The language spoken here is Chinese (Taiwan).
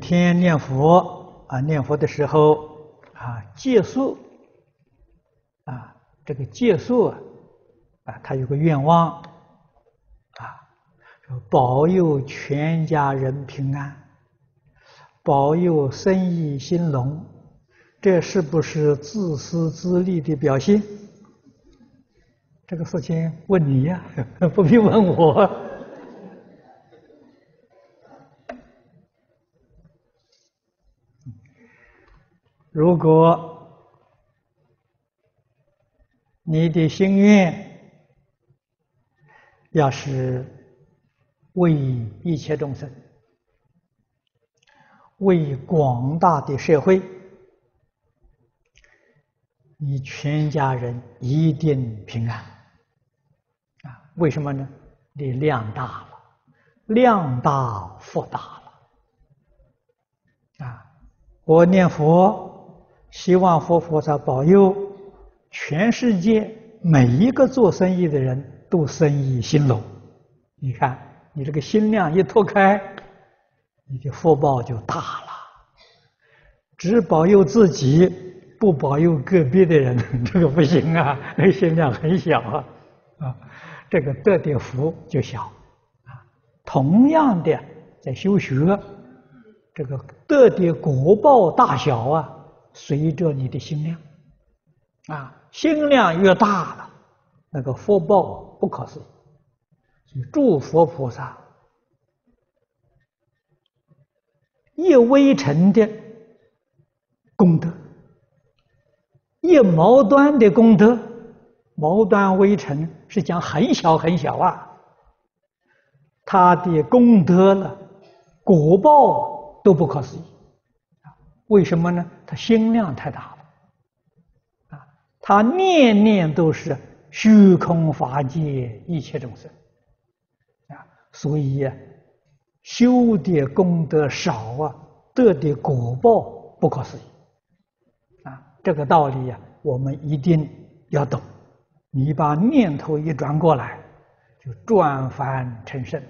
天念佛啊，念佛的時候啊，結束啊，這個結束啊，啊，他有個願望啊，保佑全家人平安，保佑生意興隆，這是不是自私自利的表現？這個事情問你呀，啊，不必問我。如果你的心願要是為一切眾生，為廣大的社會，你全家人一定平安。啊，為什麼呢？你量大了，量大福大了。啊，我念佛。希望佛菩薩保佑全世界每一個做生意的人都生意興隆。你看，你這個心量一拓開，你的福報就大了。只保佑自己，不保佑個別的人，這個不行啊！那心量很小啊，啊，這個得的福就小。啊，同樣的，在修學，這個得的果報大小啊。隨着你的心量啊，心量越大了，那個福報不可思議。諸佛菩薩一微塵的功德，一毛端的功德，毛端微塵是講很小很小啊，他的功德了，果報都不可思議。為什麼呢？他心量太大了，啊，他念念都是虛空法界一切眾生，啊，所以，啊、修的功德少啊，得的果報不可思議，啊，這個道理呀，啊，我們一定要懂。你把念頭一轉過來，就轉凡成聖。